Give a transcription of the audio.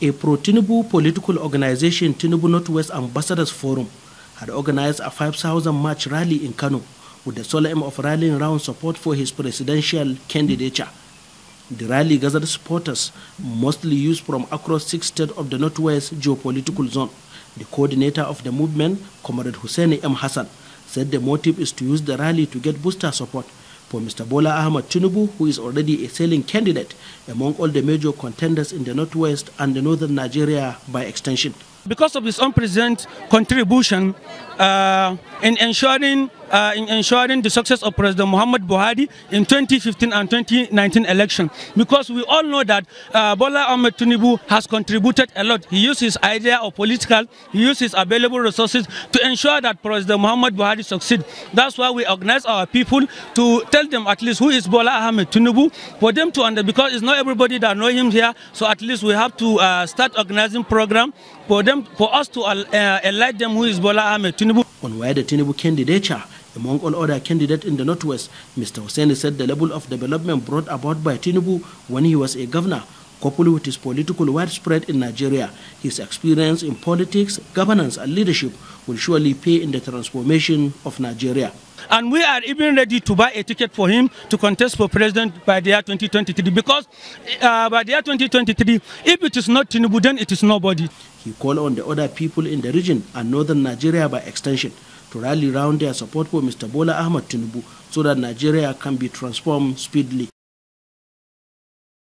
a pro-Tinubu political organization Tinubu Northwest Ambassadors Forum had organized a 5,000 march rally in Kano with the sole aim of rallying round support for his presidential candidature. The rally gathered supporters, mostly used from across six states of the Northwest geopolitical zone. The coordinator of the movement, Comrade Hussein M. Hassan, said the motive is to use the rally to get booster support for Mr. Bola Ahmed Tinubu, who is already a selling candidate among all the major contenders in the northwest and the northern Nigeria by extension. Because of his own present contribution uh, in ensuring uh, in ensuring the success of President Muhammad Buhari in 2015 and 2019 election. Because we all know that uh, Bola Ahmed Tinubu has contributed a lot. He used his idea of political, he used his available resources to ensure that President Muhammad Buhari succeed. That's why we organize our people to tell them at least who is Bola Ahmed Tinubu for them to understand because it's not everybody that know him here. So at least we have to uh, start organizing program for them for us to uh, enlighten them who is Bola Ahmed Tinubu on why the Tinubu candidature, among all other candidates in the Northwest, Mr. Hussein said the level of development brought about by Tinubu when he was a governor, coupled with his political widespread in Nigeria, his experience in politics, governance, and leadership will surely pay in the transformation of Nigeria. And we are even ready to buy a ticket for him to contest for president by the year 2023 because uh, by the year 2023, if it is not Tinubu, then it is nobody. He called on the other people in the region and northern Nigeria by extension to rally round their support for Mr. Bola Ahmed Tinubu so that Nigeria can be transformed speedily.